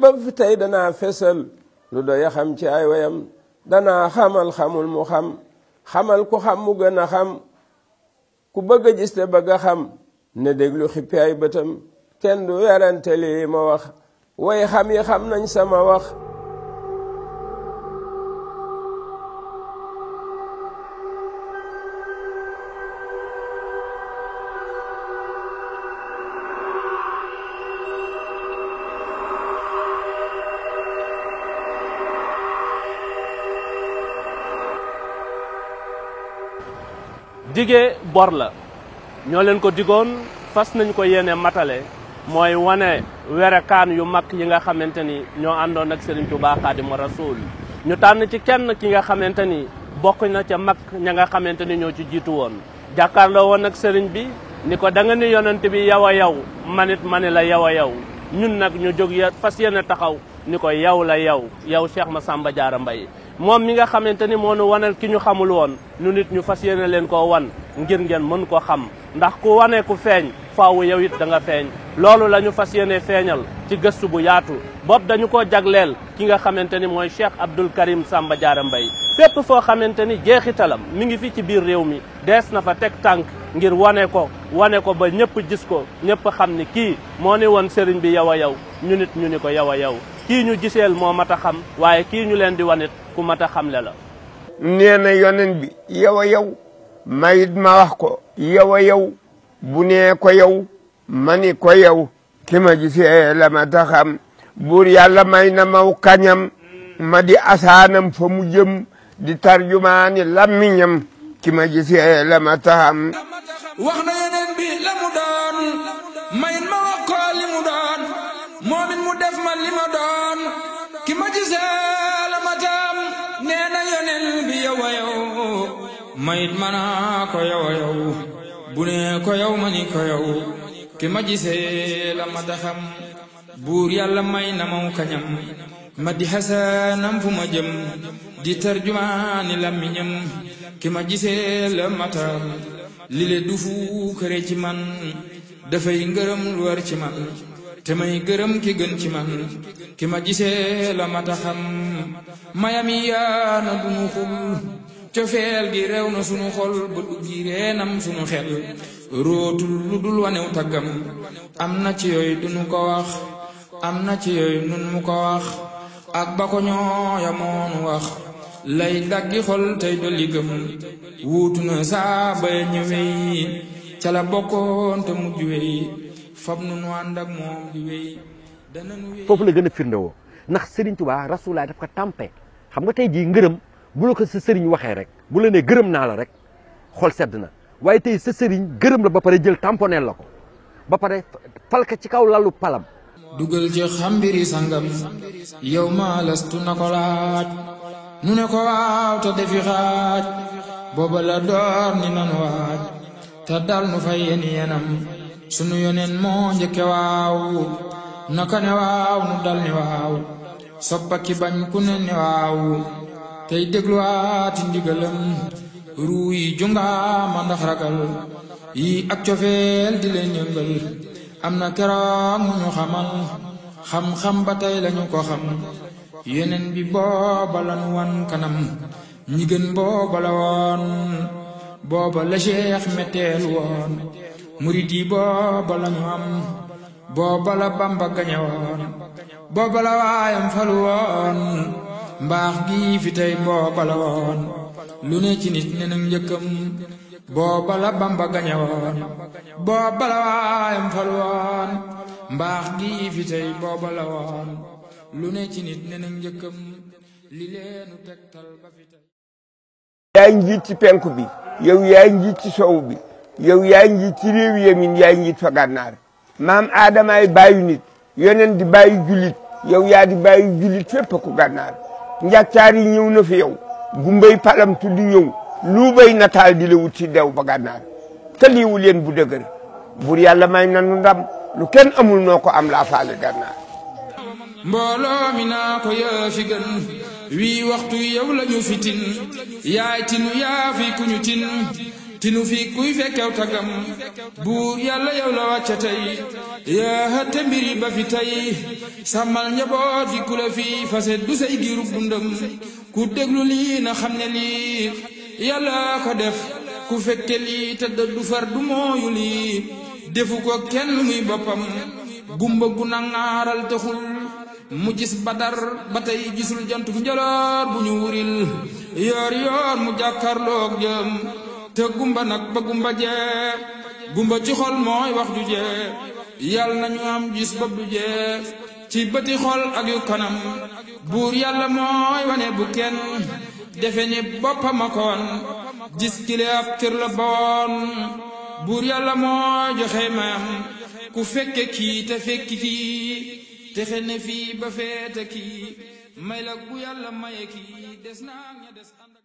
ba fi tey danaa fesal lu doy a xam ci ay wayam danaa xamal xamul mu xam xamal ku xam mu gën a xam ku bëgg a gis te bëgg a xam ne déglu xippi ay bëtam kenn du werante lii ma wax way xam yi xam nañ sama wax digee bor la ñoo leen ko digoon fas nañ ko yéene matale mooy wane kaan yu mag yi nga xamante ni ñoo àndoon ak Serigne Touba Xaadimu Rasuul ñu tànn ci kenn ki nga xamante ni bokk na ca mag ña nga xamante ni ñoo ci jiitu woon jàkkaarloo woon ak sëriñ bi ni ko da nga ni bi yow a yow manit mani la yow a yow ñun nag ñu jóg fas yéene taxaw ni ko yow la yow yow Cheikh Massamba Diarra Mbaye moom mi nga xamante ni moo nu wanal ki ñu xamul woon nu nit ñu fas yéene leen koo wan ngir ngeen mën ko xam ndax ku wanee ku feeñ faawu yow it da nga feeñ loolu la ñu fas yéene feeñal ci gëstu bu yaatu bopp dañu ko jagleel ki nga xamante ni mooy Cheikh Abdoul Karim Samba Diarra Mbaye lépp foo xamante ni jeexitalam mi ngi fi ci biir réew mi dees na fa teg tànk ngir wane ko wane ko ba ñépp gis ko ñépp xam ni kii moo ni woon sëriñ bi yow a yow ñu nit ñu ni ko yow a yow kii ñu giseel moo mat a xam waaye kii ñu leen di wanit ku mat a xamle la nee yonen bi yow a yow mayit ma wax ko yow a bu nee ko yow ma ko yow ki ma gisee la xam buur yàlla may na maw kañam ma di asaanam fa mu di tarjumaani lammiñam ki ma gisee la ma taxam wax na yeneen bi la doon mayin ma wax ko li mu doon moomin mu def ma li doon ki ma gisee la ma taxam bi yow a mayit ma ko yow a yow ko yow ma ko yow ki ma gisee la buur yàlla may na maw kañam ma di xasaanam fu ma di tarjumaani làmmiñam ki ma gisee la matal li le du ci man dafay ngërëm lu war ci man te may gërëm ki ci man ki ma gisee la mata xam mayami yaana dunu xul cofeel gi rew na sunu xol ba duggi reenam sunu xel rootul lu dul wanew taggam am na ci yooyu dunu ko wax am na ci yooyu nun mu ko wax ak ba ko ñooya moonu wax lay daggi xol tey dolli gëm wuutu na saa baya ca la bokkoon te mujj wey fab nu nu ànd moom di foofu la gën a firnde woo ndax Serigne Touba rasulaay daf ko tàmpe xam nga tey jii ngërëm bu la ko sa sëriñ waxee rek bu la nee gërëm naa la rek xol sedd na waaye tey sa sëriñ gërëm la ba pare jël tamponeel la ko ba pare falka ci kaw lalu palam dugal ci xambiri sangam yow ma lastu na ko laaj nu ne ko waaw te defi xaaj booba la door ni nan waaj te dal nu fay yéen yenam sunu yoneen moo njëkke waaw naka ne waaw nu dal ni waaw soppa ki bañ ku ne ni waaw tey dégluwaati ndigalam ruu yi jungaama ndax ragal yi ak cofeel di leen yëngal am na keroog mu ñu xamal xam-xam ba tey lañu ko xam yeneen bi booba lan wan kanam ñi gën booba la woon booba la Cheikh meteel woon murit yi booba lañu am booba la Bamba gañe woon booba la waayam falu woon mbaax gi fi tey booba woon lu ne ci nit ne nag njëkkam booba la Bamba gañe woon booba la waayam falu woon mbaax gi fi tey booba woon lu ne ci nit ne na njëkkam ci penku bi yow yaay njiit ci sowu bi yow yaay njiit ci réew yemin yaay njiit fa gànnaar maam aadamaay bàyyu nit yoneen di bàyyi jullit yow yaa di bàyyi jullit fépp ku gànnaar njàccaar yi ñëw na fi yow gumbay palam tudd ñëw lu bay nataal di la ci dew ba gànnaar te liiwu leen bu dëgër bur yàlla may nanu ndam lu kenn amul noo ko am laa faale gànnaar mbooloo mi na ko yaa fi gën wii waxtu yow lañu fi tin yaay tinu yaa fi kuñu tin tinu fi kuy fekkew tagam buur yàlla yow la wàcce tey yaa hëtte mbiri ba fi tey sàmmal njaboot fi ku la fi fase du say giru bundam ku déglu lii na xam ne lii yàlla ko def ku fekke lii te du far du mooyu lii defu ko kenn muy boppam gumba gu nangaaral taxul mu gis badar ba tey gisul jant fu njëloor bu ñu wuril yoor yoor mu jàkkarloog jëm te gumba nag ba gumba jee gumba ci xol mooy wax ju jee yal nañu am gis bopp du jee ci bëti xol ak yu kanam buur yàlla mooy wane bu kenn defe ni boppam akoon gis kile ab cër la boon buur yàlla mooy joxe mayam ku fekke kii te fekki kii texe ne fii ba feete kii may la ku yàlla maye kii des naa des ànd